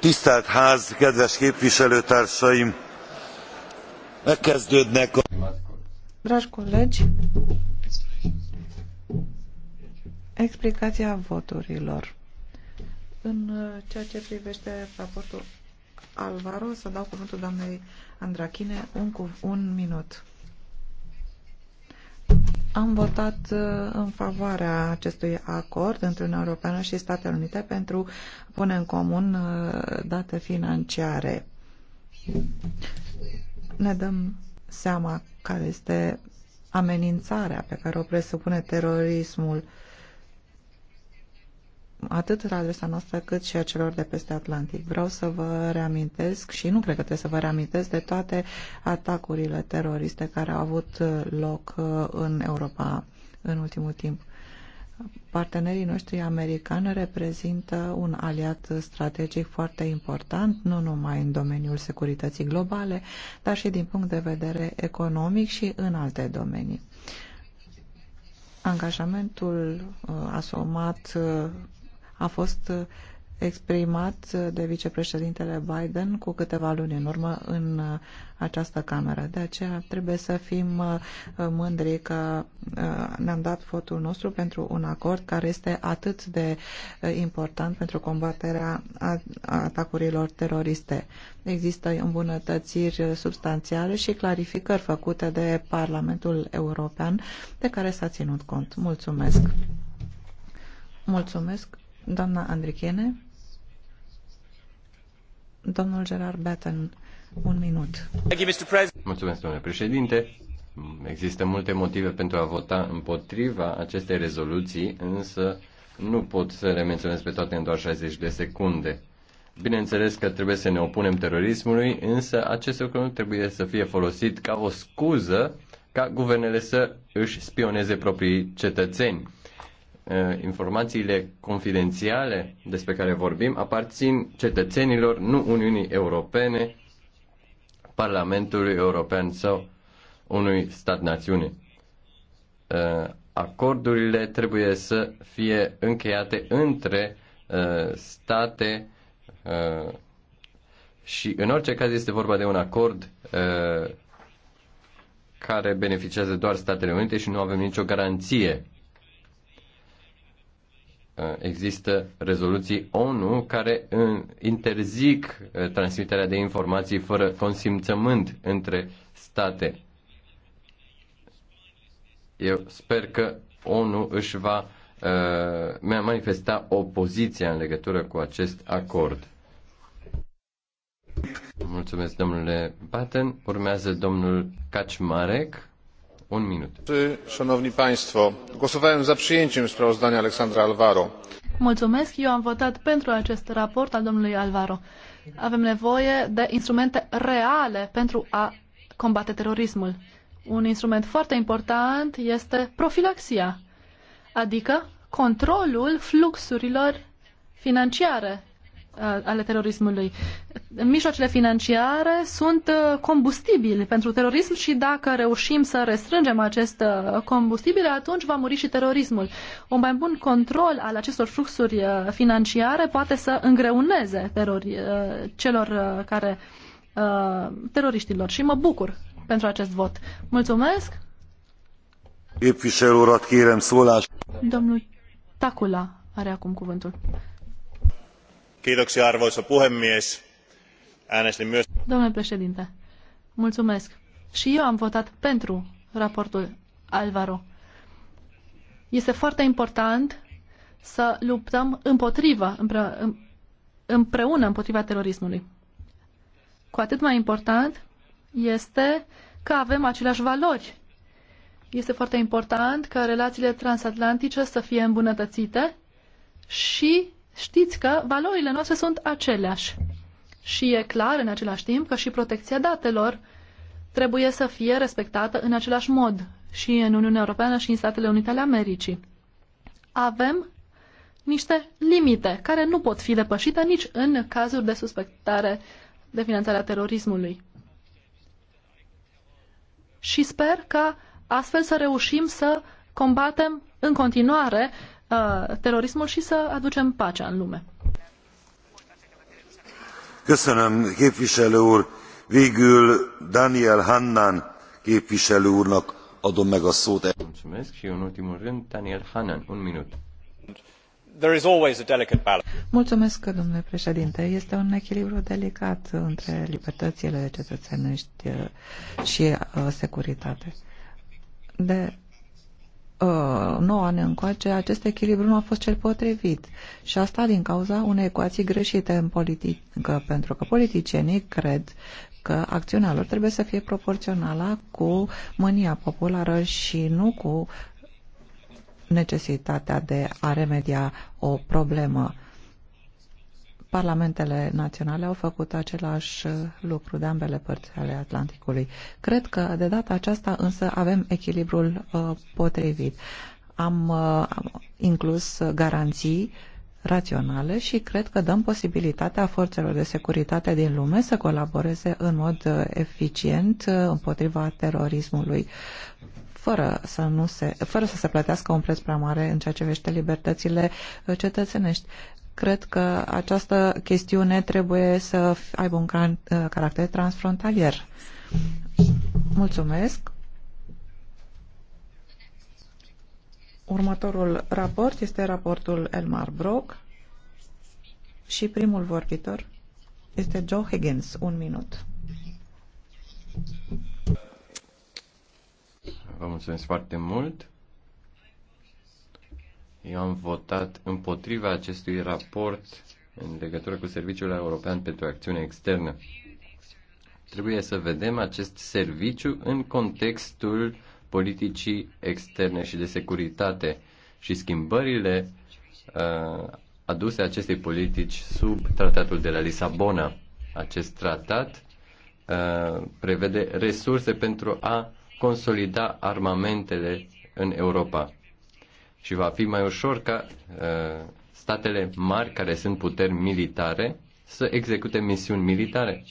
Tisztelt ház, kedves képviselőtársaim! Megkezdődnek a... Dragi colegi, explicația voturilor. În uh, ceea ce privește raportul Alvaro, să dau cuvântul doamnei Andrachine un, un minut. Am votat uh, în favoarea acestui acord între Uniunea Europeană și Statele Unite pentru a pune în comun uh, date financiare. Ne dăm seama care este amenințarea pe care o presupune terorismul atât la adresa noastră cât și a celor de peste Atlantic. Vreau să vă reamintesc și nu cred că trebuie să vă reamintesc de toate atacurile teroriste care au avut loc uh, în Europa în ultimul timp. Partenerii noștri americani reprezintă un aliat strategic foarte important, nu numai în domeniul securității globale, dar și din punct de vedere economic și în alte domenii. Angajamentul uh, asumat uh, a fost uh, exprimat uh, de vicepreședintele Biden cu câteva luni în urmă în uh, această cameră. De aceea trebuie să fim mândri că ne-am dat votul nostru pentru un acord care este atât de important pentru combaterea atacurilor teroriste. Există îmbunătățiri substanțiale și clarificări făcute de Parlamentul European de care s-a ținut cont. Mulțumesc! Mulțumesc! Doamna Andrichene, domnul Gerard Batten, un minut. Mulțumesc, domnule președinte. Există multe motive pentru a vota împotriva acestei rezoluții, însă nu pot să le menționez pe toate în doar 60 de secunde. Bineînțeles că trebuie să ne opunem terorismului, însă acest lucru nu trebuie să fie folosit ca o scuză ca guvernele să își spioneze proprii cetățeni. Eh, informațiile confidențiale despre care vorbim aparțin cetățenilor, nu Uniunii Europene, Parlamentului European sau unui stat-națiune. Eh, acordurile trebuie să fie încheiate între eh, state și în orice caz este vorba de un acord care beneficiază doar Statele Unite și nu avem nicio garanție Uh, există rezoluții ONU care uh, interzic uh, transmiterea de informații fără consimțământ între state. Eu sper că ONU își va uh, manifesta opoziția în legătură cu acest acord. Mulțumesc, domnule Batten. Urmează domnul Kaczmarek głosowałem za przyjęciem sprawozdania Aleksandra Alvaro. Mulțumesc, eu am votat pentru acest raport al domnului Alvaro. Avem nevoie de instrumente reale pentru a combate terorismul. Un instrument foarte important este profilaxia, adică controlul fluxurilor financiare ale terorismului. Mijloacele financiare sunt uh, combustibili pentru terorism și dacă reușim să restrângem acest uh, combustibil, atunci va muri și terorismul. Un mai bun control al acestor fluxuri uh, financiare poate să îngreuneze terori, celor care teroriștilor și mă bucur pentru acest vot. Mulțumesc! Domnul Tacula are acum cuvântul arvoisa puhemies äänestin myös. domnule președinte mulțumesc și eu am votat pentru raportul alvaro. este foarte important să luptăm împotriva împreună împotriva terorismului. Cu atât mai important este că avem aceleași valori. Este foarte important ca relațiile transatlantice să fie îmbunătățite și știți că valorile noastre sunt aceleași. Și e clar în același timp că și protecția datelor trebuie să fie respectată în același mod și în Uniunea Europeană și în Statele Unite ale Americii. Avem niște limite care nu pot fi depășite nici în cazuri de suspectare de finanțarea terorismului. Și sper că astfel să reușim să combatem în continuare Uh, terorismul și să aducem pacea în lume. Köszönöm, képviselő úr. Végül Daniel Hannan képviselő úrnak adom meg a szót. Mulțumesc și în ultimul rând Daniel Hannan, un minut. There is always a delicate balance. Mulțumesc, domnule președinte. Este un echilibru delicat între libertățile cetățenești uh, și uh, securitate. De 9 uh, ani încoace, acest echilibru nu a fost cel potrivit. Și asta din cauza unei ecuații greșite în politică, pentru că politicienii cred că acțiunea lor trebuie să fie proporțională cu mânia populară și nu cu necesitatea de a remedia o problemă Parlamentele naționale au făcut același uh, lucru de ambele părți ale Atlanticului. Cred că de data aceasta însă avem echilibrul uh, potrivit. Am uh, inclus garanții raționale și cred că dăm posibilitatea forțelor de securitate din lume să colaboreze în mod uh, eficient uh, împotriva terorismului fără să, nu se, fără să se plătească un preț prea mare în ceea ce vește libertățile cetățenești. Cred că această chestiune trebuie să aibă un uh, caracter transfrontalier. Mulțumesc. Următorul raport este raportul Elmar Brock și primul vorbitor este Joe Higgins. Un minut. Vă mulțumesc foarte mult. Eu am votat împotriva acestui raport în legătură cu Serviciul European pentru Acțiune Externă. Trebuie să vedem acest serviciu în contextul politicii externe și de securitate și schimbările uh, aduse acestei politici sub tratatul de la Lisabona. Acest tratat uh, prevede resurse pentru a consolida armamentele în Europa și va fi mai ușor ca uh, statele mari care sunt puteri militare să execute misiuni militare.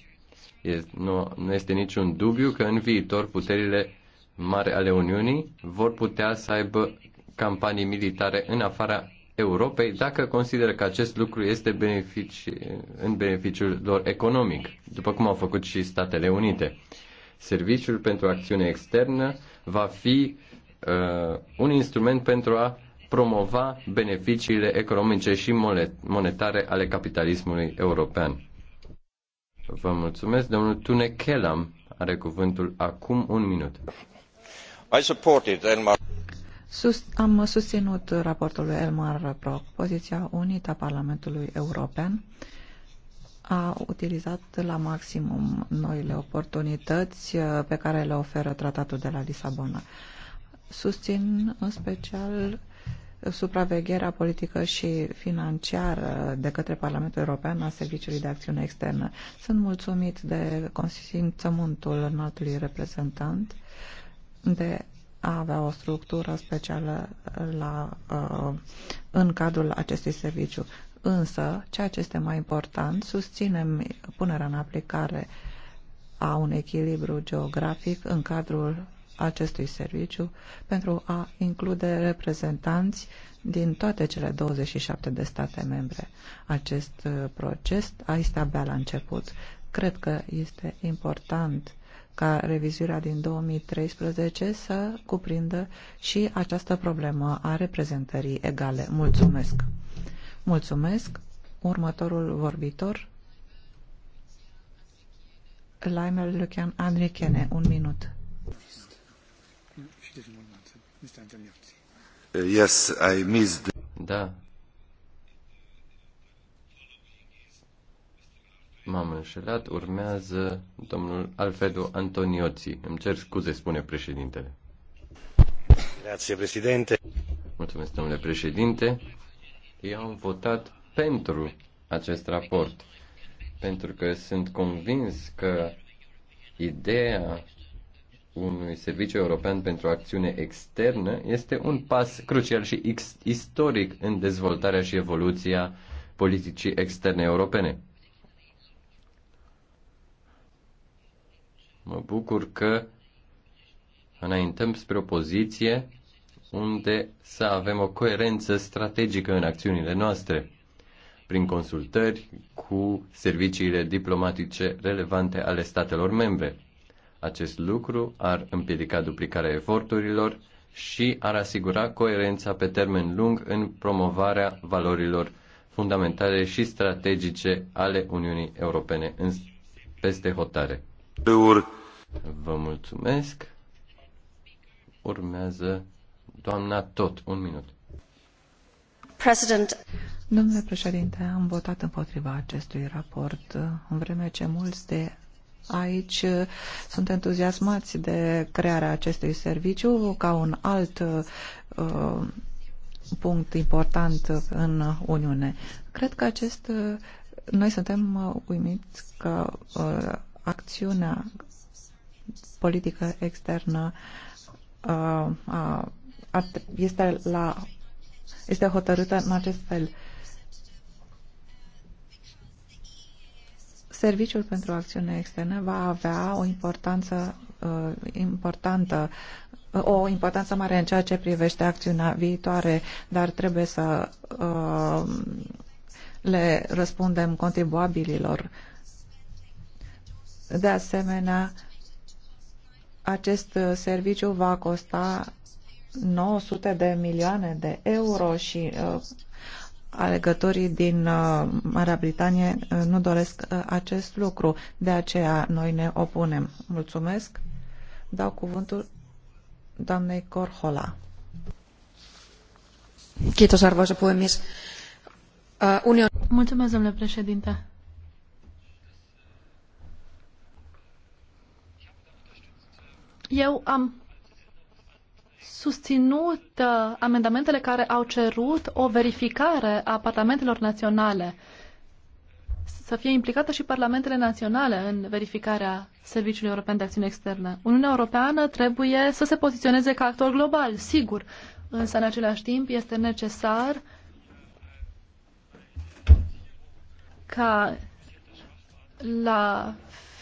Este, nu, nu este niciun dubiu că în viitor puterile mari ale Uniunii vor putea să aibă campanii militare în afara Europei dacă consideră că acest lucru este benefici, în beneficiul lor economic, după cum au făcut și Statele Unite. Serviciul pentru acțiune externă va fi uh, un instrument pentru a promova beneficiile economice și monetare ale capitalismului european. Vă mulțumesc. Domnul Tune Kelam are cuvântul acum un minut. I supported Elmar. Sus, am susținut raportul lui Elmar Brock. Poziția unită a Parlamentului European a utilizat la maximum noile oportunități uh, pe care le oferă tratatul de la Lisabona susțin în special supravegherea politică și financiară de către Parlamentul European a Serviciului de Acțiune Externă. Sunt mulțumit de consimțământul înaltului reprezentant de a avea o structură specială la, uh, în cadrul acestui serviciu. Însă, ceea ce este mai important, susținem punerea în aplicare a un echilibru geografic în cadrul acestui serviciu pentru a include reprezentanți din toate cele 27 de state membre. Acest uh, proces a este abia la început. Cred că este important ca revizuirea din 2013 să cuprindă și această problemă a reprezentării egale. Mulțumesc! Mulțumesc! Următorul vorbitor, Laimel Lucian Andrichene, un minut. Mr. Antoniotti. Yes, I missed. Da. M-am înșelat, urmează domnul Alfredo Antoniozzi. Îmi cer scuze, spune președintele. Grazie, președinte. Mulțumesc, domnule președinte. Eu am votat pentru acest raport, pentru că sunt convins că ideea unui serviciu european pentru acțiune externă este un pas crucial și istoric în dezvoltarea și evoluția politicii externe europene. Mă bucur că înaintăm spre o poziție unde să avem o coerență strategică în acțiunile noastre, prin consultări cu serviciile diplomatice relevante ale statelor membre. Acest lucru ar împiedica duplicarea eforturilor și ar asigura coerența pe termen lung în promovarea valorilor fundamentale și strategice ale Uniunii Europene în, peste hotare. Vă mulțumesc. Urmează doamna Tot. Un minut. President. Domnule președinte, am votat împotriva acestui raport, în vreme ce mulți de Aici uh, sunt entuziasmați de crearea acestui serviciu ca un alt uh, punct important în Uniune. Cred că acest... Uh, noi suntem uh, uimiți că uh, acțiunea politică externă uh, este la este hotărâtă în acest fel. Serviciul pentru acțiune externă va avea o importanță uh, importantă o importanță mare în ceea ce privește acțiunea viitoare, dar trebuie să uh, le răspundem contribuabililor. De asemenea, acest serviciu va costa 900 de milioane de euro și uh, alegătorii din uh, Marea Britanie uh, nu doresc uh, acest lucru. De aceea noi ne opunem. Mulțumesc. Dau cuvântul doamnei Corhola. Kiitos, arvoisa puhemies. Union... Mulțumesc, domnule președinte. Eu am susținut uh, amendamentele care au cerut o verificare a parlamentelor naționale, să fie implicată și parlamentele naționale în verificarea Serviciului European de Acțiune Externă. Uniunea Europeană trebuie să se poziționeze ca actor global, sigur, însă în același timp este necesar ca la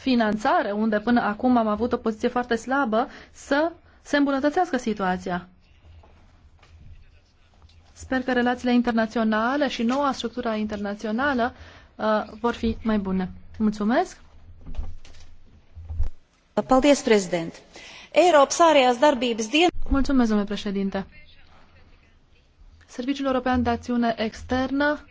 finanțare, unde până acum am avut o poziție foarte slabă, să se îmbunătățească situația. Sper că relațiile internaționale și noua structură internațională uh, vor fi mai bune. Mulțumesc! Paldies, prezident! Eiropas ārējās darbības dienas. Mulțumesc, domnule președinte. Serviciul European de Acțiune Externă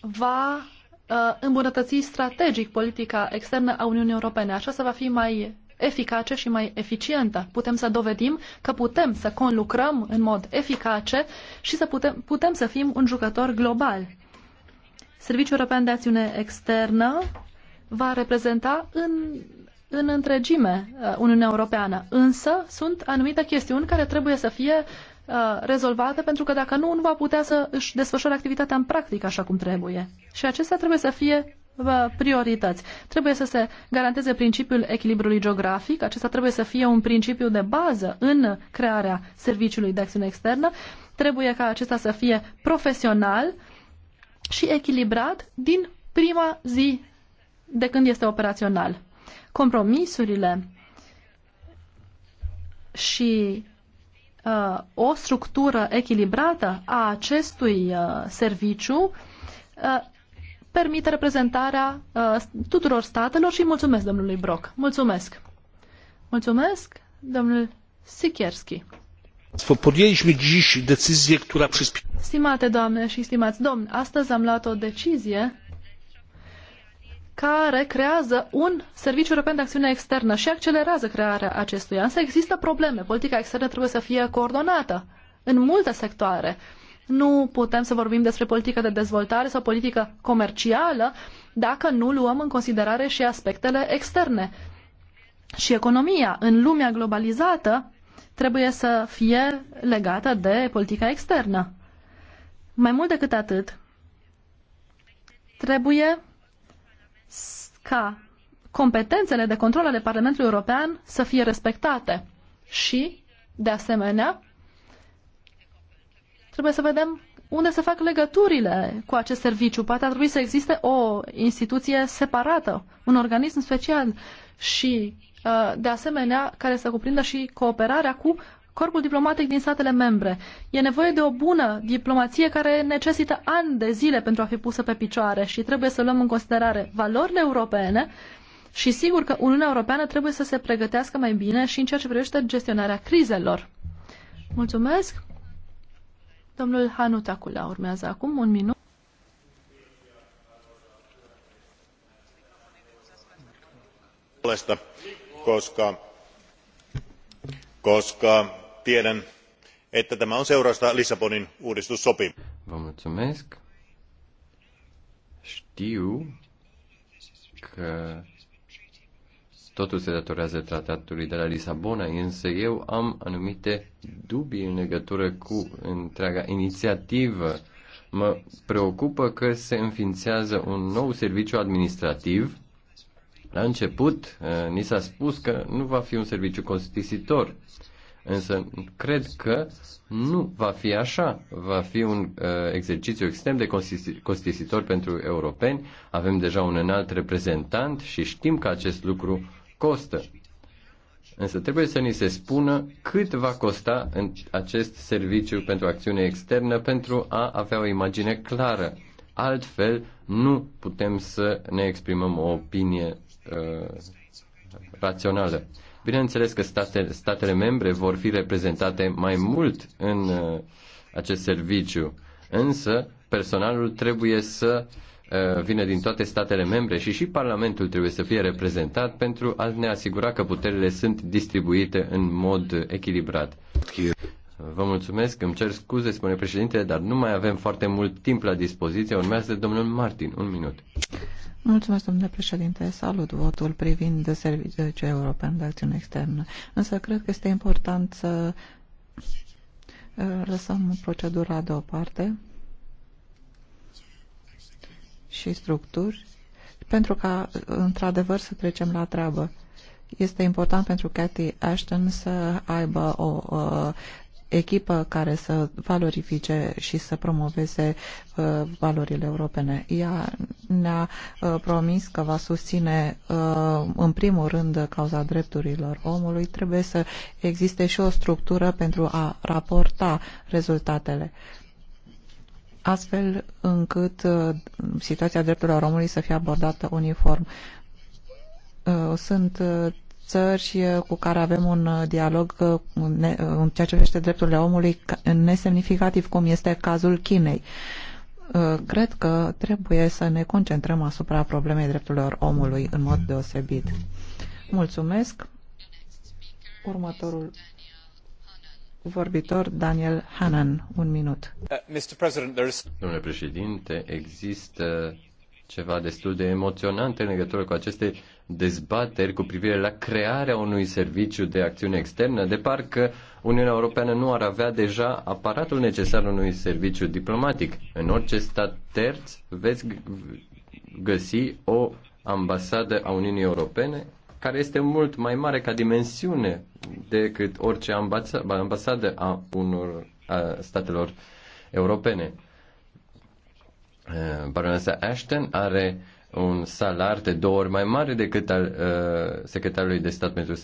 va uh, îmbunătăți strategic politica externă a Uniunii Europene. așa se va fi mai eficace și mai eficientă. Putem să dovedim că putem să conlucrăm în mod eficace și să putem, putem să fim un jucător global. Serviciul European de Acțiune Externă va reprezenta în, în întregime uh, Uniunea Europeană, însă sunt anumite chestiuni care trebuie să fie uh, rezolvate, pentru că dacă nu, nu va putea să își desfășoare activitatea în practică așa cum trebuie. Și acestea trebuie să fie priorități. Trebuie să se garanteze principiul echilibrului geografic, acesta trebuie să fie un principiu de bază în crearea serviciului de acțiune externă, trebuie ca acesta să fie profesional și echilibrat din prima zi de când este operațional. Compromisurile și uh, o structură echilibrată a acestui uh, serviciu uh, permite reprezentarea uh, tuturor statelor și mulțumesc domnului Brock. Mulțumesc. Mulțumesc, domnul Sikierski. Podjęliśmy dziś decyzję, która Stimate doamne și stimați domni, astăzi am luat o decizie care creează un serviciu european de acțiune externă și accelerează crearea acestuia. Însă există probleme. Politica externă trebuie să fie coordonată în multe sectoare. Uh, nu putem să vorbim despre politică de dezvoltare sau politică comercială dacă nu luăm în considerare și aspectele externe. Și economia în lumea globalizată trebuie să fie legată de politica externă. Mai mult decât atât, trebuie ca competențele de control ale Parlamentului European să fie respectate și, de asemenea, Trebuie să vedem unde se fac legăturile cu acest serviciu. Poate ar trebui să existe o instituție separată, un organism special și, uh, de asemenea, care să cuprindă și cooperarea cu corpul diplomatic din statele membre. E nevoie de o bună diplomație care necesită ani de zile pentru a fi pusă pe picioare și trebuie să luăm în considerare valorile europene și sigur că Uniunea Europeană trebuie să se pregătească mai bine și în ceea ce privește gestionarea crizelor. Mulțumesc! Domnul Hanutacula urmează acum un minut. koska, koska tiedän että tämä on seurausta Lissabonin uudistussopimuksesta. Vă mulțumesc. Știu că Totul se datorează tratatului de la Lisabona, însă eu am anumite dubii în legătură cu întreaga inițiativă. Mă preocupă că se înființează un nou serviciu administrativ. La început, eh, ni s-a spus că nu va fi un serviciu costisitor, însă cred că nu va fi așa. Va fi un uh, exercițiu extrem de costisitor pentru europeni. Avem deja un înalt reprezentant și știm că acest lucru costă. Însă trebuie să ni se spună cât va costa în acest serviciu pentru acțiune externă pentru a avea o imagine clară. Altfel, nu putem să ne exprimăm o opinie uh, rațională. Bineînțeles că statele, statele membre vor fi reprezentate mai mult în uh, acest serviciu, însă personalul trebuie să uh, Uh, vine din toate statele membre și și Parlamentul trebuie să fie reprezentat pentru a ne asigura că puterile sunt distribuite în mod echilibrat. Vă mulțumesc, îmi cer scuze, spune președintele, dar nu mai avem foarte mult timp la dispoziție. Urmează domnul Martin, un minut. Mulțumesc, domnule președinte. Salut votul privind Serviciul European de Acțiune Externă. Însă cred că este important să uh, lăsăm procedura deoparte și structuri pentru ca, într-adevăr, să trecem la treabă. Este important pentru Cathy Ashton să aibă o, o echipă care să valorifice și să promoveze uh, valorile europene. Ea ne-a uh, promis că va susține uh, în primul rând cauza drepturilor omului. Trebuie să existe și o structură pentru a raporta rezultatele. Uh, astfel încât uh, situația drepturilor omului să fie abordată uniform. Uh, sunt uh, țări cu care avem un dialog în ceea ce privește drepturile omului nesemnificativ, cum este cazul Chinei. Cred că trebuie să ne concentrăm asupra problemei drepturilor omului în mod deosebit. Mulțumesc. Următorul vorbitor Daniel Hannan. Un minut. Uh, Domnule președinte, există ceva destul de emoționant în legătură cu aceste dezbateri cu privire la crearea unui serviciu de acțiune externă, de parcă Uniunea Europeană nu ar avea deja aparatul necesar unui serviciu diplomatic. În orice stat terț veți găsi o ambasadă a Uniunii Europene care este mult mai mare ca dimensiune decât orice ambasadă a unor a statelor europene. Eh, Baronesa Ashton are un salar de două ori mai mare decât al uh, secretarului de stat pentru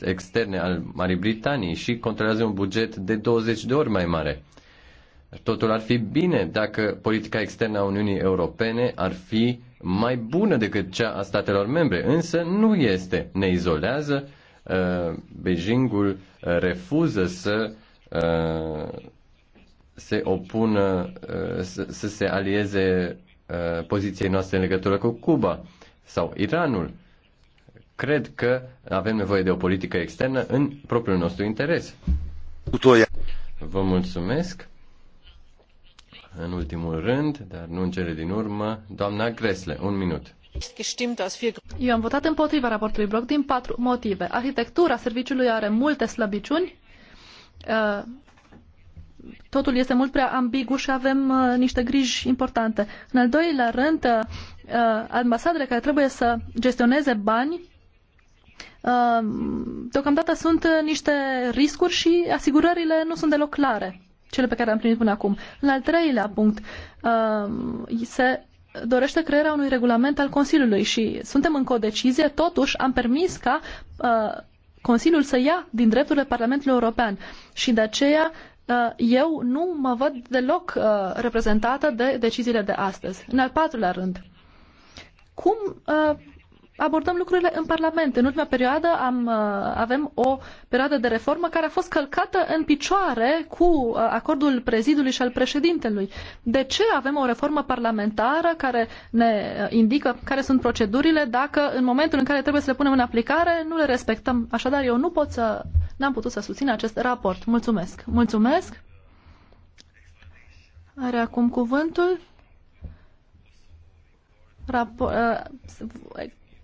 externe al Marii Britanii și controlează un buget de 20 de ori mai mare. Uh, Totul ar fi bine dacă politica externă a Uniunii Europene ar fi mai bună decât cea a statelor membre, însă nu este. Ne izolează, uh, Beijingul uh, refuză să uh, se opună, să se alieze poziției noastre în legătură cu Cuba sau Iranul. Cred că avem nevoie de o politică externă în propriul nostru interes. Vă mulțumesc în ultimul rând, dar nu în cele din urmă, doamna Gresle. Un minut. Eu am votat împotriva raportului Brock din patru motive. Arhitectura serviciului are multe slăbiciuni, uh, totul este mult prea ambigu și avem uh, niște griji importante. În al doilea rând, uh, ambasadele care trebuie să gestioneze bani deocamdată sunt niște riscuri și asigurările nu sunt deloc clare cele pe care am primit până acum. În al treilea punct, um, se dorește crearea unui regulament al Consiliului și suntem o decizie. totuși am permis ca uh, Consiliul să ia din drepturile Parlamentului European și de aceea uh, eu nu mă văd deloc uh, reprezentată de deciziile de astăzi. În al patrulea rând, cum abordăm lucrurile în Parlament. În ultima perioadă am, uh, avem o perioadă de reformă care a fost călcată în picioare cu uh, acordul prezidului și al președintelui. De ce avem o reformă parlamentară care ne uh, indică care sunt procedurile dacă în momentul în care trebuie să le punem în aplicare nu le respectăm? Așadar, eu nu pot să, n-am putut să susțin acest raport. Mulțumesc! Mulțumesc! Are acum cuvântul. Rapo- uh,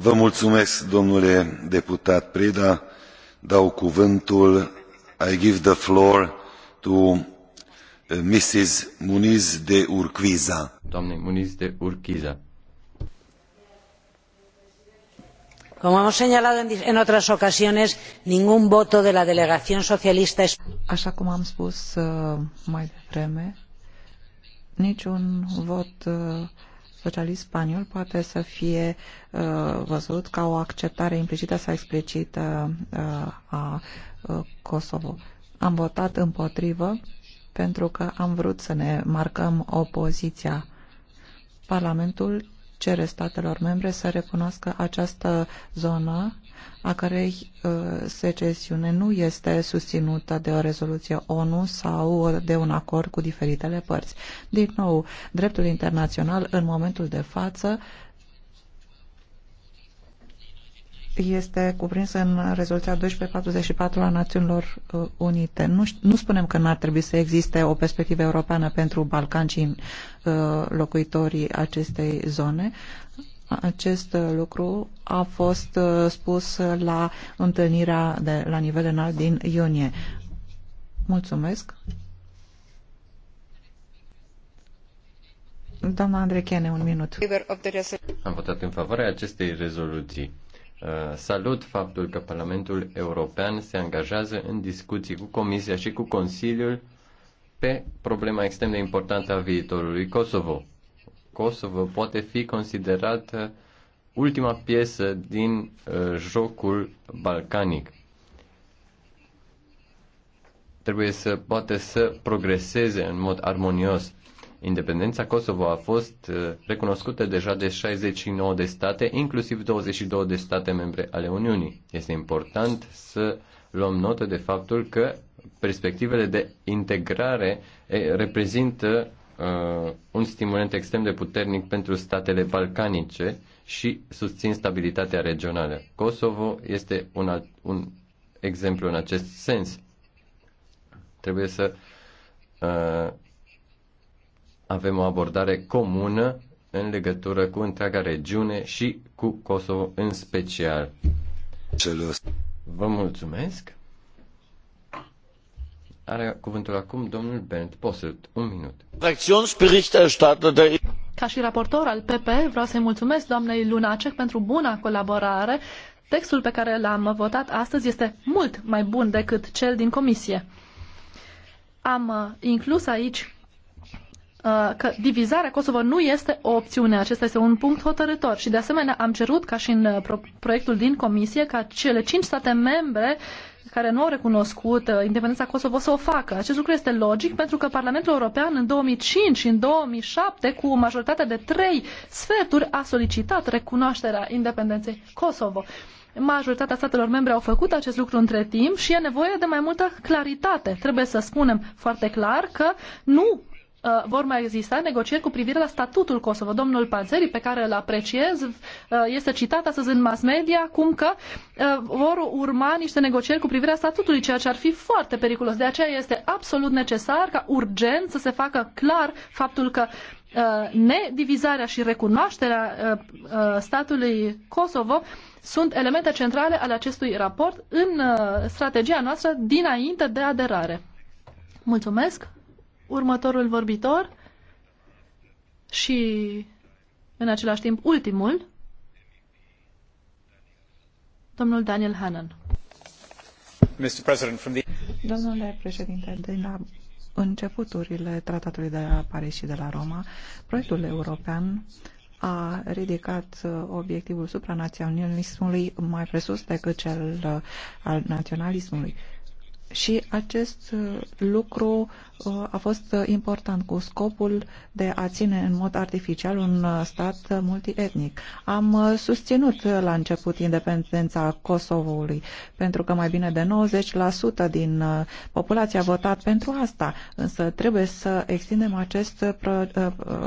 Vă mulțumesc, domnule deputat Preda. Dau cuvântul. I give the floor to uh, Mrs. Muniz de Urquiza. Doamne Muniz de Urquiza. como hemos señalado en otras ocasiones ningún voto de la delegación socialista es așa cum am spus uh, mai devreme niciun vot uh, socialist spaniol poate să fie uh, văzut ca o acceptare implicită sau explicită uh, a uh, Kosovo. Am votat împotrivă pentru că am vrut să ne marcăm opoziția. Parlamentul cere statelor membre să recunoască această zonă a cărei uh, secesiune nu este susținută de o rezoluție ONU sau de un acord cu diferitele părți. Din nou, dreptul internațional în momentul de față este cuprins în rezoluția 1244 a Națiunilor uh, Unite. Nu, nu spunem că n-ar trebui să existe o perspectivă europeană pentru Balcan și uh, locuitorii acestei zone, acest uh, lucru a fost uh, spus uh, la întâlnirea de la nivel înalt din iunie. Mulțumesc. Doamna Andrechene, un minut. Am votat în favoarea acestei rezoluții. Salut faptul că Parlamentul European se angajează în discuții cu Comisia și cu Consiliul pe problema extrem de importantă a viitorului Kosovo. Kosovo poate fi considerată ultima piesă din uh, jocul balcanic. Trebuie să poate să progreseze în mod armonios. Independența Kosovo a fost uh, recunoscută deja de 69 de state, inclusiv 22 de state membre ale Uniunii. Este important să luăm notă de faptul că perspectivele de integrare eh, reprezintă uh, un stimulant extrem de puternic pentru statele balcanice și susțin stabilitatea regională. Kosovo este un, alt, un exemplu în acest sens. Trebuie să uh, avem o abordare comună în legătură cu întreaga regiune și cu Kosovo în special. Vă mulțumesc! Are cuvântul acum domnul Bernd Posselt. Un minut. Ca și raportor al PP, vreau să-i mulțumesc doamnei Lunacek pentru buna colaborare. Textul pe care l-am votat astăzi este mult mai bun decât cel din comisie. Am uh, inclus aici Uh, că divizarea Kosovo nu este o opțiune. Acesta este un punct hotărător. Și de asemenea am cerut, ca și în uh, proiectul din comisie, ca cele cinci state membre care nu au recunoscut uh, independența Kosovo să o facă. Acest lucru este logic pentru că Parlamentul European în 2005 și în 2007 cu majoritatea de trei sferturi a solicitat recunoașterea independenței Kosovo. Majoritatea statelor membre au făcut acest lucru între timp și e nevoie de mai multă claritate. Trebuie să spunem foarte clar că nu Uh, vor mai exista negocieri cu privire la statutul Kosovo. Domnul Panzeri, pe care îl apreciez, uh, este citat astăzi în mass media, cum că uh, vor urma niște negocieri cu privire la statutului, ceea ce ar fi foarte periculos. De aceea este absolut necesar ca urgent să se facă clar faptul că nedivizarea și recunoașterea statului Kosovo sunt elemente centrale ale acestui raport în strategia noastră dinainte de aderare. Mulțumesc următorul vorbitor și, în același timp, ultimul, domnul Daniel Hannan. Domnule președinte, de la începuturile tratatului de la Paris și de la Roma, proiectul european a ridicat uh, obiectivul supranaționalismului mai presus decât cel uh, al naționalismului și acest uh, lucru uh, a fost important cu scopul de a ține în mod artificial un uh, stat multietnic. Am susținut la început independența Kosovoului, pentru că mai bine de 90% din populație a votat pentru asta, însă trebuie să extindem acest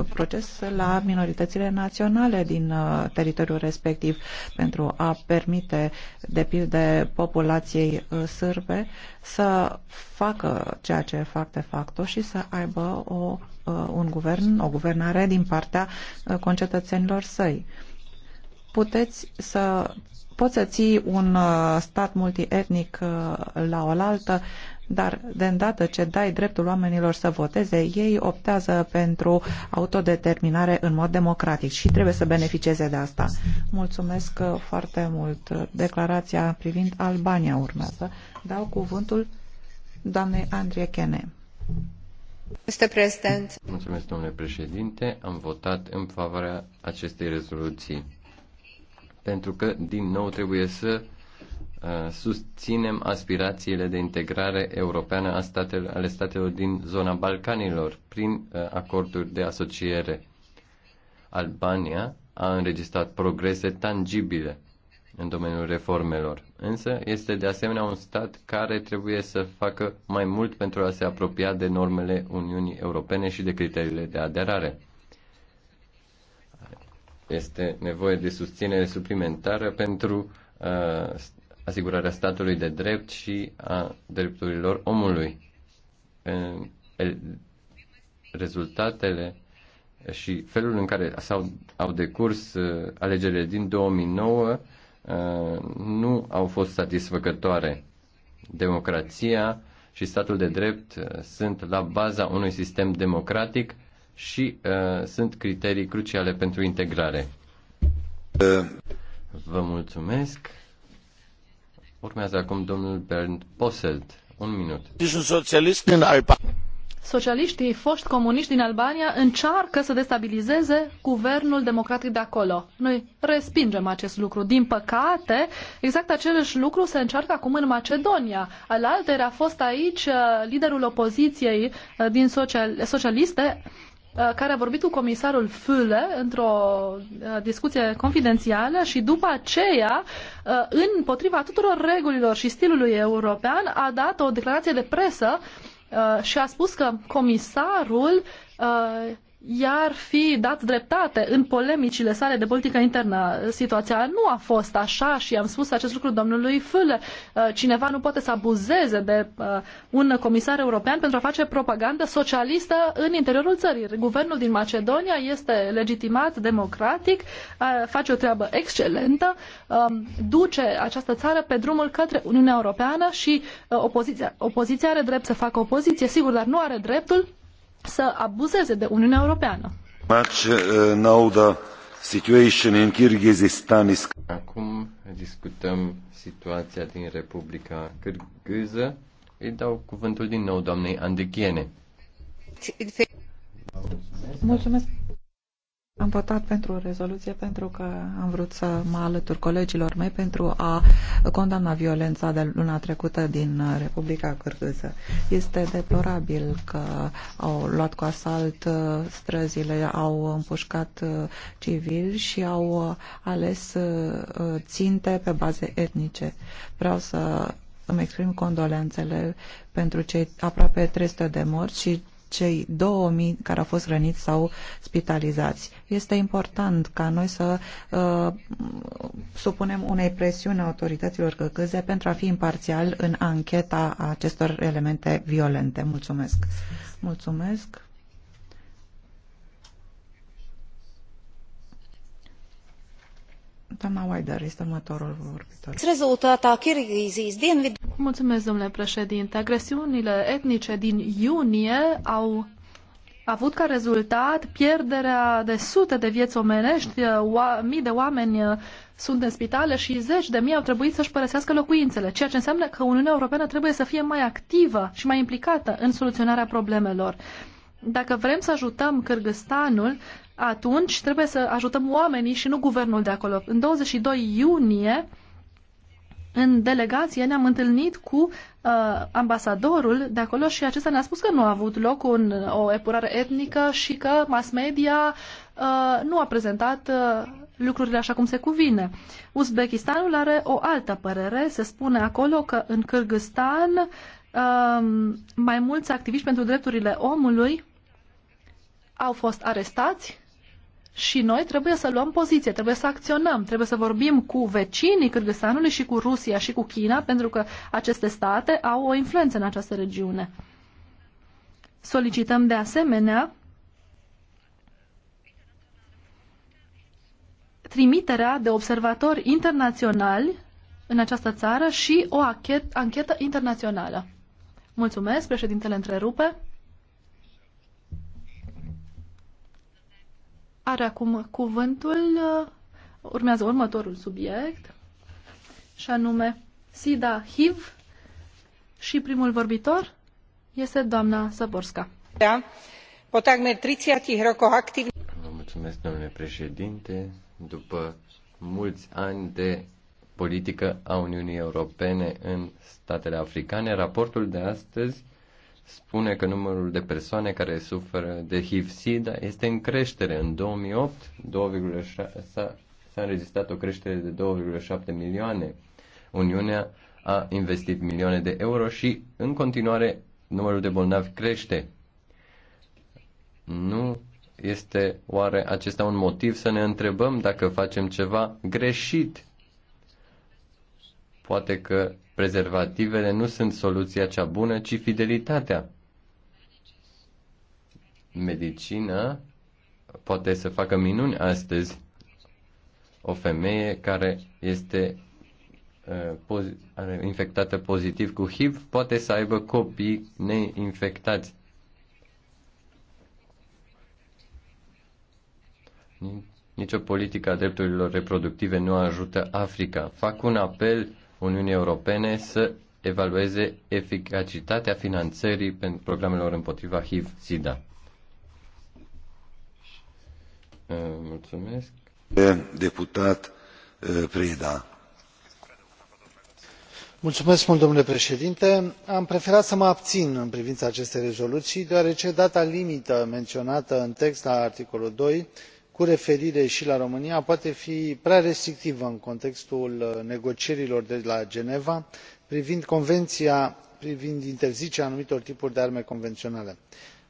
proces la minoritățile naționale din teritoriul respectiv pentru a permite, de pildă, populației sârbe să facă ceea ce fac de facto și să aibă o, uh, un guvern, o guvernare din partea uh, concetățenilor săi. Puteți să poți să ții un uh, stat multietnic la oaltă, dar de îndată ce dai dreptul oamenilor să voteze, ei optează pentru autodeterminare în mod democratic și trebuie să beneficieze de asta. Mulțumesc uh, foarte mult. Declarația privind Albania urmează. Dau cuvântul doamnei Andrie Chene. Mulțumesc, domnule președinte. Am votat în favoarea acestei rezoluții. Pentru că, din nou, trebuie să Eh, susținem aspirațiile de integrare europeană a statele, ale statelor din zona Balcanilor prin eh, acorduri de asociere. Albania a înregistrat progrese tangibile în domeniul reformelor, însă este de asemenea un stat care trebuie să facă mai mult pentru a se apropia de normele Uniunii Europene și de criteriile de aderare este nevoie de susținere suplimentară pentru uh, asigurarea statului de drept și a drepturilor omului. Rezultatele și felul în care s-au au decurs alegerile din 2009 nu au fost satisfăcătoare. Democrația și statul de drept sunt la baza unui sistem democratic și uh, sunt criterii cruciale pentru integrare. Vă mulțumesc. Urmează acum domnul Bernd Posselt. Un minut. Socialiștii, foști comuniști din Albania, încearcă să destabilizeze guvernul democratic de acolo. Noi respingem acest lucru. Din păcate, exact același lucru se încearcă acum în Macedonia. Al a fost aici uh, liderul opoziției uh, din social, socialiste, Uh, care a vorbit cu comisarul Füle într-o uh, discuție confidențială și după aceea, în uh, împotriva tuturor regulilor și stilului european, a dat o declarație de presă și a spus că comisarul i-ar fi dat dreptate în polemicile sale de politică internă. Situația nu a fost așa și am spus acest lucru domnului Fülle. Uh, cineva nu poate să abuzeze de uh, un comisar european pentru a face propagandă socialistă în interiorul țării. Guvernul din Macedonia este legitimat, democratic, uh, face o treabă excelentă, um, duce această țară pe drumul către Uniunea Europeană și opoziția, opoziția are drept să facă opoziție, sigur, dar nu are dreptul să abuzeze de Uniunea Europeană. Uh, Acum discutăm situația din Republica Kyrgyză. Îi dau cuvântul din nou doamnei Andrichiene. Mulțumesc. Am votat pentru rezoluție pentru că am vrut să mă alătur colegilor mei pentru a condamna violența de luna trecută din Republica Cârgâză. Este deplorabil că au luat cu asalt străzile, au împușcat civili și au ales uh, ținte pe baze etnice. Vreau să îmi exprim condolențele pentru cei aproape 300 de morți și cei 2000 care au fost răniți sau spitalizați. Este important ca noi să uh, supunem unei presiuni autorităților căcâze pentru a fi imparțial în ancheta acestor elemente violente. Mulțumesc! Mulțumesc! Doamna Wider este următorul vorbitor. Rezultata Kirghizii din... Mulțumesc, domnule președinte. Agresiunile etnice din iunie au avut ca rezultat pierderea de sute de vieți omenești, mii de oameni sunt în spitale și zeci de mii au trebuit să-și părăsească locuințele, ceea ce înseamnă că Uniunea Europeană trebuie să fie mai activă și mai implicată în soluționarea problemelor. Dacă vrem să ajutăm Cârgăstanul, atunci trebuie să ajutăm oamenii și nu guvernul de acolo. În 22 iunie, în delegație, ne-am întâlnit cu uh, ambasadorul de acolo și acesta ne-a spus că nu a avut loc un, o epurare etnică și că mass media uh, nu a prezentat uh, lucrurile așa cum se cuvine. Uzbekistanul are o altă părere. Se spune acolo că în Kyrgyzstan uh, mai mulți activiști pentru drepturile omului au fost arestați și noi trebuie să luăm poziție, trebuie să acționăm, trebuie să vorbim cu vecinii Cârgăstanului și cu Rusia și cu China, pentru că aceste state au o influență în această regiune. Solicităm de asemenea trimiterea de observatori internaționali în această țară și o anchetă internațională. Mulțumesc, președintele întrerupe. Are acum cuvântul, uh, urmează următorul subiect, și anume SIDA HIV și primul vorbitor este doamna Săborska. Da. Po takmer 30 Vă mulțumesc, domnule președinte. După mulți ani de politică a Uniunii Europene în statele africane, raportul de astăzi spune că numărul de persoane care suferă de HIV-SIDA este în creștere. În 2008 s-a, înregistrat o creștere de 2,7 milioane. Uniunea a investit milioane de euro și în continuare numărul de bolnavi crește. Nu este oare acesta un motiv să ne întrebăm dacă facem ceva greșit? Poate că Prezervativele nu sunt soluția cea bună, ci fidelitatea. Medicina poate să facă minuni astăzi. O femeie care este uh, infectată pozitiv cu HIV poate să aibă copii neinfectați. Nici o politică a drepturilor reproductive nu ajută Africa. Fac un apel Uniunii Europene să evalueze eficacitatea finanțării pentru programelor împotriva HIV-SIDA. Uh, mulțumesc. Deputat uh, Preda. Mulțumesc mult, domnule președinte. Am preferat să mă abțin în privința acestei rezoluții, deoarece data limită menționată în text la articolul 2 cu referire și la românia poate fi prea restrictivă în contextul uh, negocierilor de la geneva privind convenția privind interzicerea anumitor tipuri de arme convenționale.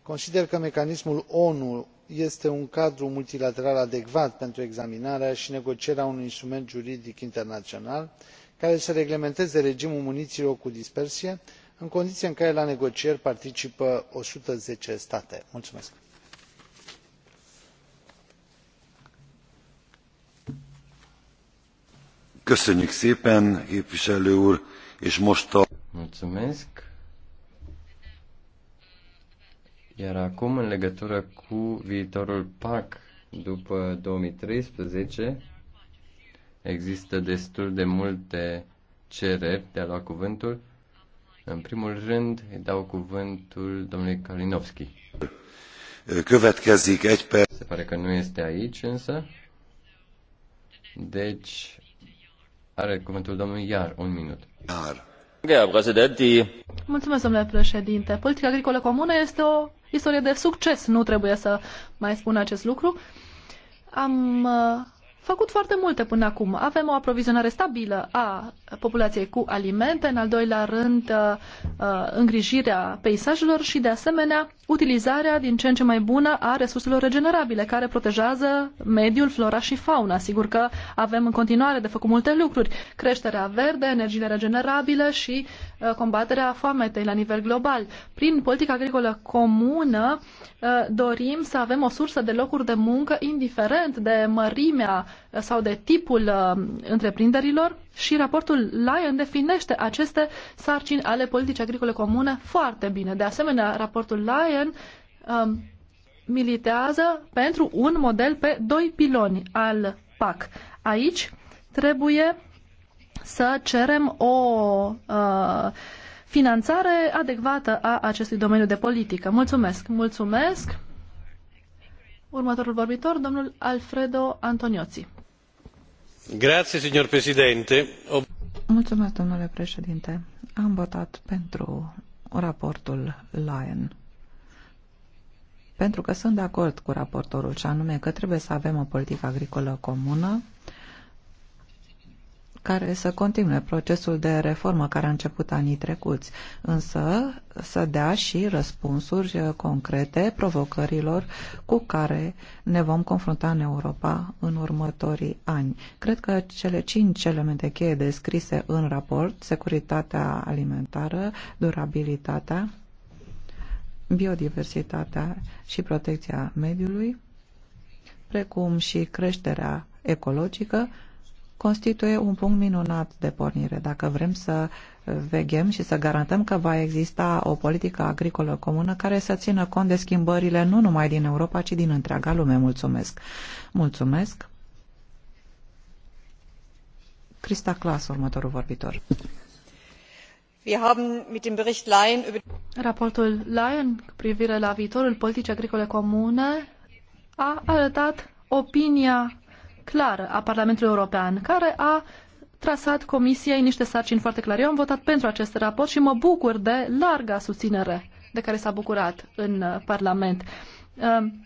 consider că mecanismul onu este un cadru multilateral adecvat pentru examinarea și negocierea unui instrument juridic internațional care să reglementeze regimul munițiilor cu dispersie în condițiile în care la negocieri participă o sută zece state. mulțumesc. Köszönjük szépen, képviselő úr, és most a... Mulțumesc. Iar acum, în legătură cu viitorul PAC după 2013, există destul de multe cereri de a lua cuvântul. În primul rând, îi dau cuvântul domnului Kalinowski. Se pare că nu este aici, însă. Deci, are cuvântul domnul Iar, un minut. Iar. Mulțumesc, domnule președinte. Politica agricolă comună este o istorie de succes, nu trebuie să mai spun acest lucru. Am uh, făcut foarte multe până acum. Avem o aprovizionare stabilă a populației cu alimente, în al doilea rând uh, uh, îngrijirea peisajelor și, de asemenea, utilizarea din ce în ce mai bună a resurselor regenerabile, care protejează mediul, flora și fauna. Sigur că avem în continuare de făcut multe lucruri. Creșterea verde, energiile regenerabile și uh, combaterea foametei la nivel global. Prin politica agricolă comună uh, dorim să avem o sursă de locuri de muncă indiferent de mărimea uh, sau de tipul întreprinderilor și raportul Lyon definește aceste sarcini ale politicii agricole comune foarte bine. De asemenea, raportul Lyon um, militează pentru un model pe doi piloni al PAC. Aici trebuie să cerem o uh, finanțare adecvată a acestui domeniu de politică. Mulțumesc! Mulțumesc! Următorul vorbitor, domnul Alfredo Antonioți. Mulțumesc, domnule președinte. Am votat pentru raportul Lyon pentru că sunt de acord cu raportorul și anume că trebuie să avem o politică agricolă comună care să continue procesul de reformă care a început anii trecuți, însă să dea și răspunsuri concrete provocărilor cu care ne vom confrunta în Europa în următorii ani. Cred că cele cinci elemente cheie descrise în raport, securitatea alimentară, durabilitatea, biodiversitatea și protecția mediului, precum și creșterea ecologică, constituie un punct minunat de pornire. Dacă vrem să veghem și să garantăm că va exista o politică agricolă comună care să țină cont de schimbările nu numai din Europa, ci din întreaga lume. Mulțumesc! Mulțumesc! Crista Clas, următorul vorbitor. Raportul Lyon cu privire la viitorul politicii agricole comune a arătat opinia clară a Parlamentului European, care a trasat Comisiei niște sarcini foarte clare. Eu am votat pentru acest raport și mă bucur de larga susținere de care s-a bucurat în uh, Parlament. Um,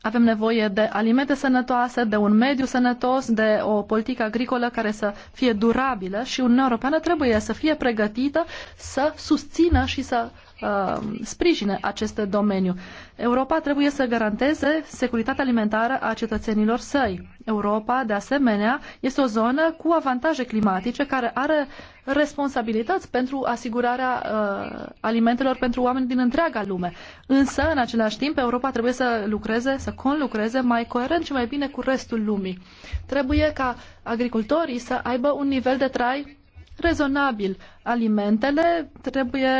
avem nevoie de alimente sănătoase, de un mediu sănătos, de o politică agricolă care să fie durabilă și Uniunea Europeană trebuie să fie pregătită să susțină și să Uh, sprijine acest domeniu. Europa trebuie să garanteze securitatea alimentară a cetățenilor săi. Europa, de asemenea, este o zonă cu avantaje climatice care are responsabilități pentru asigurarea uh, alimentelor pentru oameni din întreaga lume. Însă, în același timp, Europa trebuie să lucreze, să conlucreze mai coerent și mai bine cu restul lumii. Trebuie ca agricultorii să aibă un nivel de trai rezonabil. Alimentele trebuie,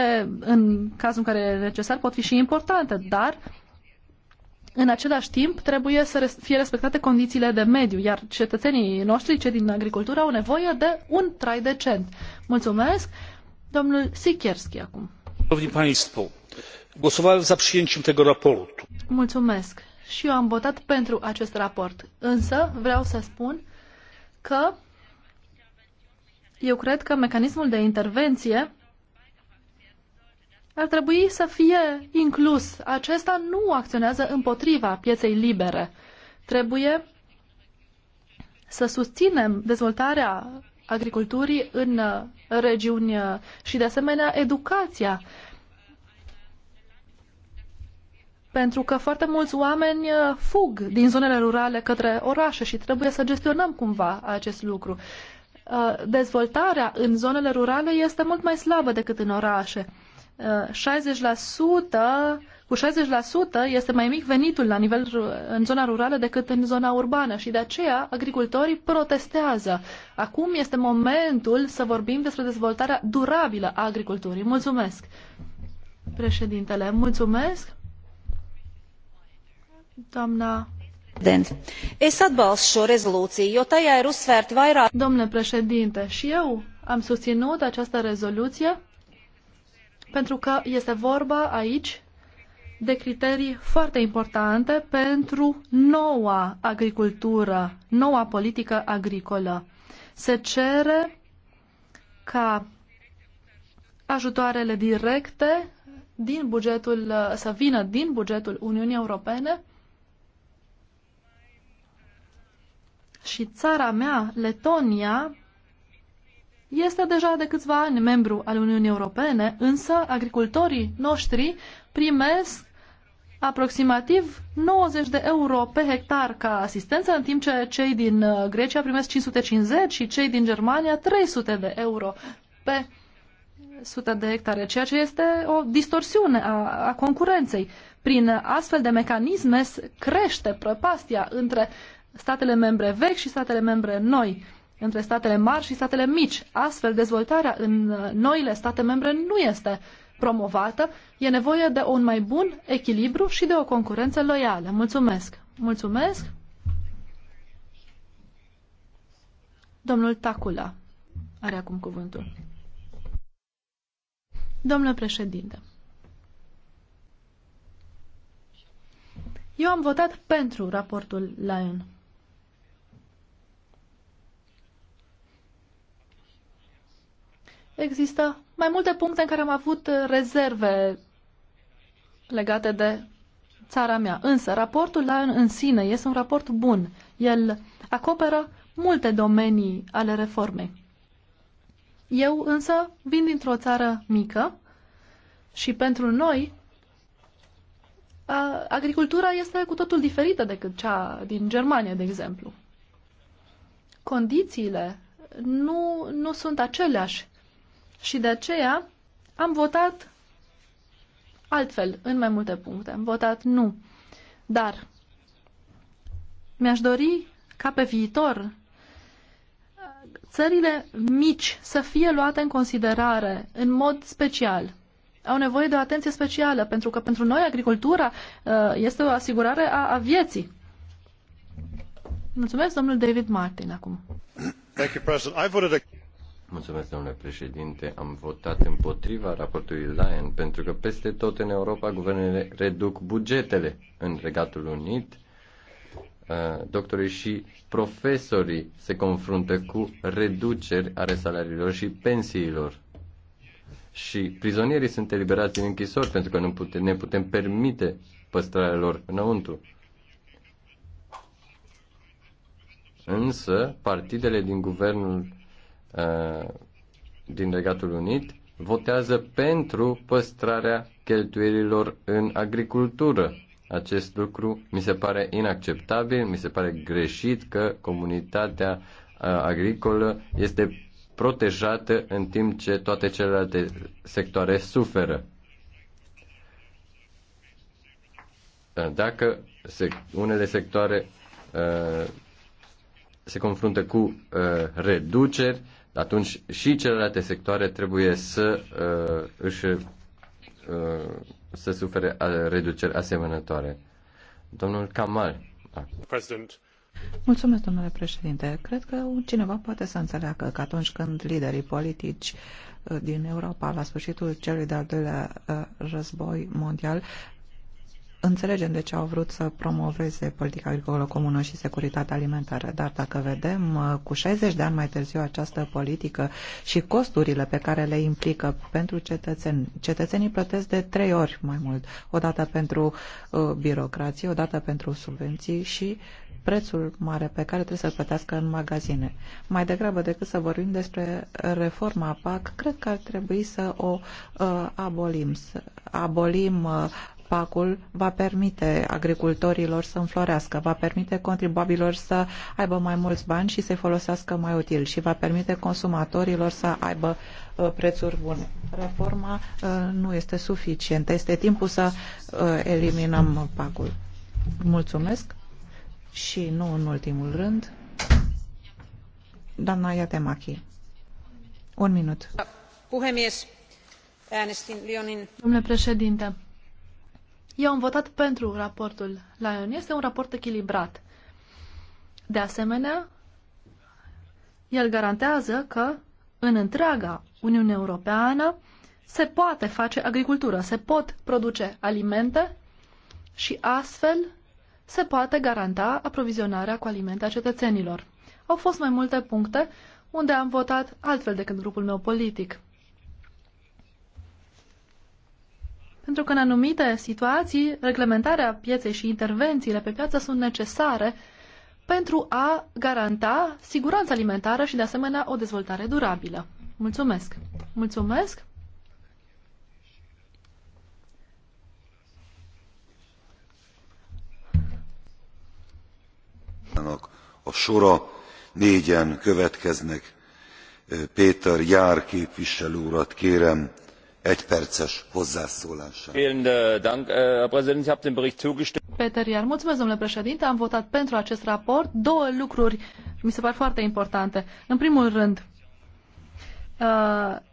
în cazul în care e necesar, pot fi și importante, dar în același timp trebuie să fie respectate condițiile de mediu, iar cetățenii noștri, cei din agricultură, au nevoie de un trai decent. Mulțumesc. Domnul Sikierski acum. Mulțumesc. Și eu am votat pentru acest raport. Însă vreau să spun că eu cred că mecanismul de intervenție ar trebui să fie inclus. Acesta nu acționează împotriva pieței libere. Trebuie să susținem dezvoltarea agriculturii în uh, regiuni uh, și, de asemenea, educația. Pentru că foarte mulți oameni uh, fug din zonele rurale către orașe și trebuie să gestionăm cumva acest lucru. Uh, dezvoltarea în zonele rurale este mult mai slabă decât în orașe. 60%, uh, cu 60% este mai mic venitul la nivel în zona rurală decât în zona urbană și de aceea agricultorii protestează. Acum este momentul să vorbim despre dezvoltarea durabilă a agriculturii. Mulțumesc! Președintele, mulțumesc! Doamna Es atbalstu šo jo tajā ir uzsvērti Domnule președinte, și eu am susținut această rezoluție pentru că este vorba aici de criterii foarte importante pentru noua agricultură, noua politică agricolă. Se cere ca ajutoarele directe din bugetul, să vină din bugetul Uniunii Europene și țara mea, Letonia, este deja de câțiva ani membru al Uniunii Europene, însă agricultorii noștri primesc aproximativ 90 de euro pe hectar ca asistență, în timp ce cei din uh, Grecia primesc 550 și cei din Germania 300 de euro pe 100 de hectare, ceea ce este o distorsiune a, a concurenței. Prin astfel de mecanisme crește prăpastia între statele membre vechi și statele membre noi, între statele mari și statele mici. Astfel, dezvoltarea în uh, noile state membre nu este promovată. E nevoie de un mai bun echilibru și de o concurență loială. Mulțumesc! Mulțumesc! Domnul Tacula are acum cuvântul. Domnule președinte, eu am votat pentru raportul Lyon. există mai multe puncte în care am avut rezerve legate de țara mea. Însă, raportul la în sine este un raport bun. El acoperă multe domenii ale reformei. Eu însă vin dintr-o țară mică și pentru noi a, agricultura este cu totul diferită decât cea din Germania, de exemplu. Condițiile nu, nu sunt aceleași și de aceea am votat altfel, în mai multe puncte. Am votat nu. Dar mi-aș dori ca pe viitor uh, țările mici să fie luate în considerare în mod special. Au nevoie de o atenție specială, pentru că pentru noi agricultura uh, este o asigurare a, a vieții. Mulțumesc, domnul David Martin, acum. Thank you, President. I voted a... Mulțumesc, domnule președinte. Am votat împotriva raportului Lyon pentru că peste tot în Europa guvernele reduc bugetele. În Regatul Unit, uh, doctorii și profesorii se confruntă cu reduceri ale salariilor și pensiilor. Și prizonierii sunt eliberați din închisori pentru că nu putem, ne putem permite păstrarea lor înăuntru. Însă, partidele din guvernul Uh, din Regatul Unit votează pentru păstrarea cheltuielilor în agricultură. Acest lucru mi se pare inacceptabil, mi se pare greșit că comunitatea uh, agricolă este protejată în timp ce toate celelalte sectoare suferă. Uh, dacă unele sectoare se confruntă cu reduceri, atunci și celelalte sectoare trebuie să uh, își uh, să sufere uh, reduceri asemănătoare. Domnul Kamal. Ah. President. Mulțumesc, domnule președinte. Cred că cineva poate să înțeleagă că atunci când liderii politici uh, din Europa, la sfârșitul celui de-al doilea uh, război mondial, Înțelegem de ce au vrut să promoveze politica agricolă comună și securitatea alimentară, dar dacă vedem uh, cu 60 de ani mai târziu această politică și costurile pe care le implică pentru cetățeni, cetățenii plătesc de trei ori mai mult, odată pentru uh, birocrație, odată pentru subvenții și prețul mare pe care trebuie să-l plătească în magazine. Mai degrabă decât să vorbim despre reforma PAC, cred că ar trebui să o uh, abolim, să abolim uh, PAC-ul va permite agricultorilor să înflorească, va permite contribuabilor să aibă mai mulți bani și să-i folosească mai util și va permite consumatorilor să aibă uh, prețuri bune. Reforma uh, nu este suficientă. Este timpul să uh, eliminăm PAC-ul. Mulțumesc și nu în ultimul rând, doamna Iatemachi. Un minut. Puhemies, äänestin Lyonin... Domnule președinte, eu am votat pentru raportul Lion. Este un raport echilibrat. De asemenea, el garantează că în întreaga Uniune Europeană se poate face agricultură, se pot produce alimente și astfel se poate garanta aprovizionarea cu alimente a cetățenilor. Au fost mai multe puncte unde am votat altfel decât grupul meu politic. pentru că în anumite situații reglementarea pieței și intervențiile pe piață sunt necesare pentru a garanta siguranța alimentară și de asemenea o dezvoltare durabilă. Mulțumesc! Mulțumesc! A sora négyen következnek. Péter Jár képviselő urat kérem Äh, äh, Peter Iar, mulțumesc, președinte, am votat pentru acest raport. Două lucruri mi se par foarte importante. În primul rând,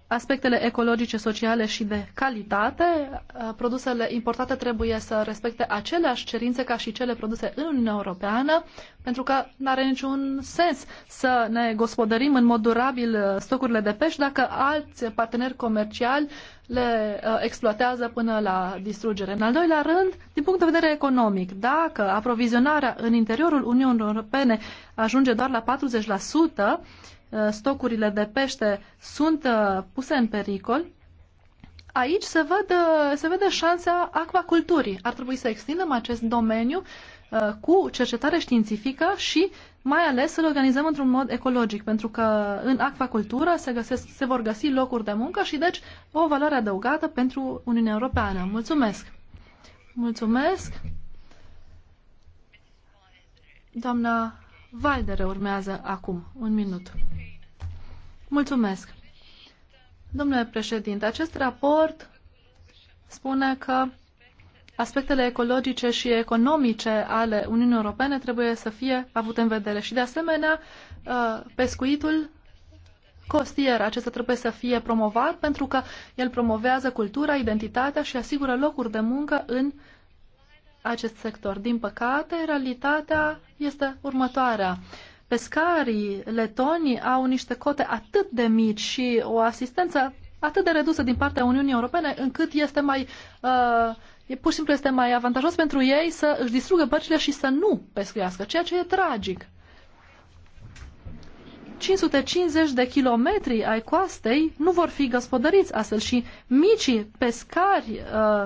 aspectele ecologice, sociale și de calitate, uh, produsele importate trebuie să respecte aceleași cerințe ca și cele produse în Uniunea Europeană, pentru că nu are niciun sens să ne gospodărim în mod durabil uh, stocurile de pești dacă alți parteneri comerciali le uh, exploatează până la distrugere. În al doilea rând, din punct de vedere economic, dacă aprovizionarea în interiorul Uniunii Europene ajunge doar la 40%, Eh, stocurile de pește sunt eh, puse în pericol, aici se, văd, eh, se vede șansa acvaculturii. Ar trebui să extindem acest domeniu cu cercetare științifică și mai ales să-l organizăm într-un mod ecologic, pentru că în acvacultură se, găsesc, se vor găsi locuri de muncă și deci o valoare adăugată pentru Uniunea Europeană. Mulțumesc! Mulțumesc! Doamna Valdere urmează acum. Un minut. Mulțumesc. Domnule președinte, acest raport spune că aspectele ecologice și economice ale Uniunii Europene trebuie să fie avute în vedere și, de asemenea, uh, pescuitul costier, acesta trebuie să fie promovat pentru că el promovează cultura, identitatea și asigură locuri de muncă în uh, acest sector. Din păcate, realitatea este următoarea. Pescarii letoni au niște cote atât de mici și o asistență atât de redusă din partea Uniunii Europene, încât este mai, uh, e, pur și simplu este mai avantajos pentru ei să își distrugă bărcile și să nu pescuiască, ceea ce e tragic. 550 de kilometri ai coastei nu vor fi gospodăriți astfel și micii pescari uh,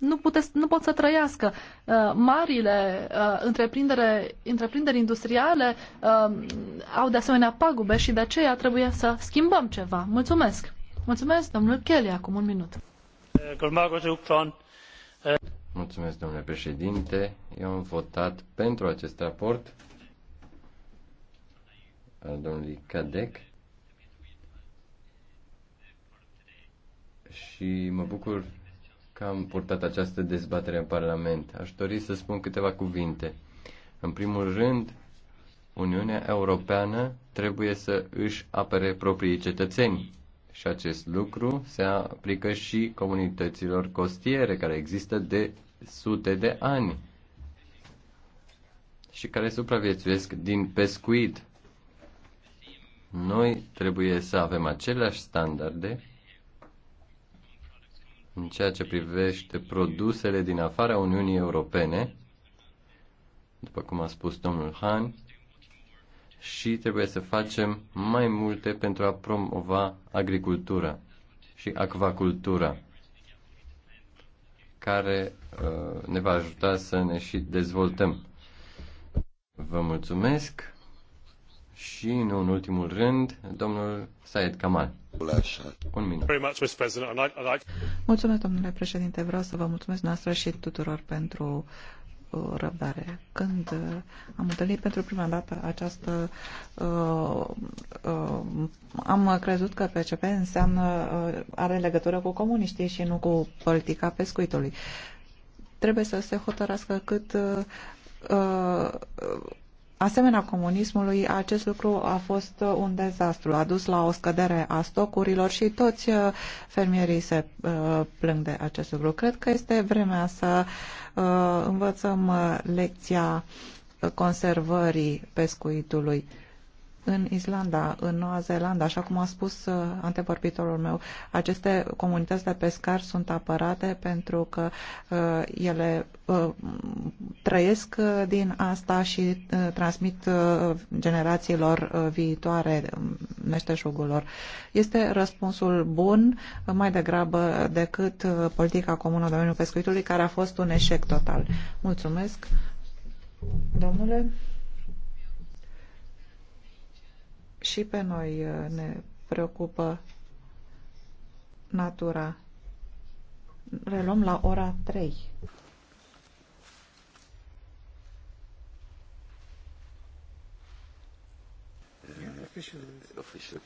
nu, pute, nu pot să trăiască. Uh, marile uh, întreprindere, întreprinderi industriale uh, au de asemenea pagube și de aceea trebuie să schimbăm ceva. Mulțumesc! Mulțumesc, domnul Kelly, acum un minut. Mulțumesc, domnule președinte. Eu am votat pentru acest raport al domnului Cadec și mă bucur că am purtat această dezbatere în Parlament. Aș dori să spun câteva cuvinte. În primul rând, Uniunea Europeană trebuie să își apere proprii cetățeni. Și acest lucru se aplică și comunităților costiere care există de sute de ani și care supraviețuiesc din pescuit. Noi trebuie să avem aceleași standarde în ceea ce privește produsele din afara Uniunii Europene, după cum a spus domnul Han, și trebuie să facem mai multe pentru a promova agricultura și acvacultura, care uh, ne va ajuta să ne și dezvoltăm. Vă mulțumesc! și, nu în ultimul rând, domnul Saed Kamal. Un minut. Mulțumesc, domnule președinte. Vreau să vă mulțumesc noastră și tuturor pentru uh, răbdare. Când uh, am întâlnit pentru prima dată această... Uh, uh, am crezut că PCP înseamnă, uh, are legătură cu comuniștii și nu cu politica pescuitului. Trebuie să se hotărască cât uh, uh asemenea comunismului, acest lucru a fost uh, un dezastru. A dus la o scădere a stocurilor și toți uh, fermierii se uh, plâng de acest lucru. Cred că este vremea să învățăm lecția conservării pescuitului în Islanda, în Noua Zeelandă, așa cum a spus uh, antevorbitorul meu, aceste comunități de pescari sunt apărate pentru că uh, ele uh, trăiesc uh, din asta și uh, transmit uh, generațiilor uh, viitoare um, meșteșugurilor. Este răspunsul bun uh, mai degrabă decât uh, politica comună de domeniul pescuitului, care a fost un eșec total. Mulțumesc, domnule. și pe noi uh, ne preocupă natura. Reluăm la ora 3. Official. Official.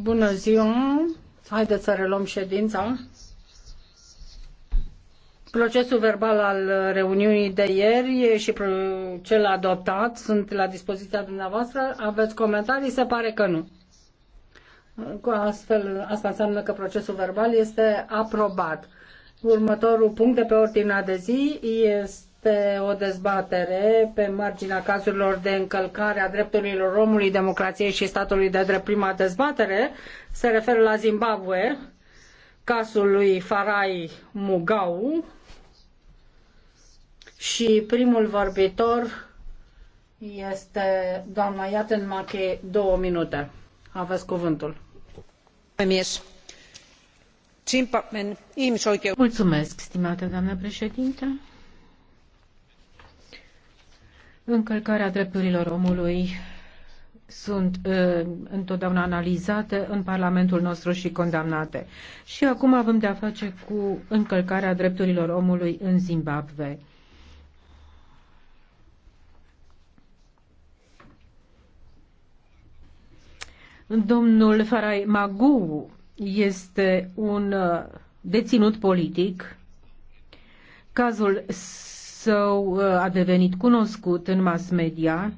Bună ziua! Haideți să reluăm ședința. Procesul verbal al reuniunii de ieri și cel adoptat sunt la dispoziția dumneavoastră. Aveți comentarii? Se pare că nu. Cu astfel, asta înseamnă că procesul verbal este aprobat. Următorul punct de pe ordinea de zi este este o dezbatere pe marginea cazurilor de încălcare a drepturilor omului, democrației și statului de drept. Prima dezbatere se referă la Zimbabwe, cazul lui Farai Mugau și primul vorbitor este doamna Iaten Mache, două minute. Aveți cuvântul. Mulțumesc, stimată doamnă președinte. Încălcarea drepturilor omului sunt uh, întotdeauna analizate în Parlamentul nostru și condamnate. Și acum avem de-a face cu încălcarea drepturilor omului în Zimbabwe. Domnul Farai Magu este un deținut politic. Cazul său uh, a devenit cunoscut în mass media,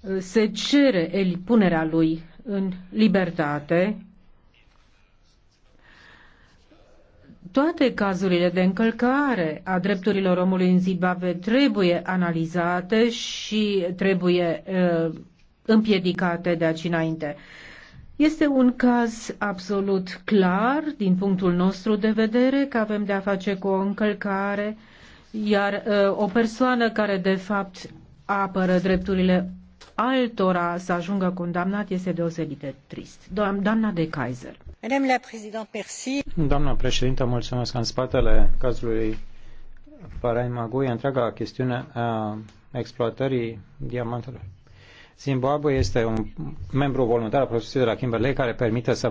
uh, se cere punerea lui în libertate. Toate cazurile de încălcare a drepturilor omului în Zimbabwe trebuie analizate și trebuie uh, împiedicate de aici înainte. Este un caz absolut clar, din punctul nostru de vedere, că avem de a face cu o încălcare, iar ă, o persoană care de fapt apără drepturile altora să ajungă condamnat este deosebit de trist. Doamna de Kaiser. Doamna președintă, mulțumesc. În spatele cazului Farai Magui, întreaga chestiune a exploatării diamantelor Zimbabwe este un membru voluntar al procesului de la Kimberley care permite să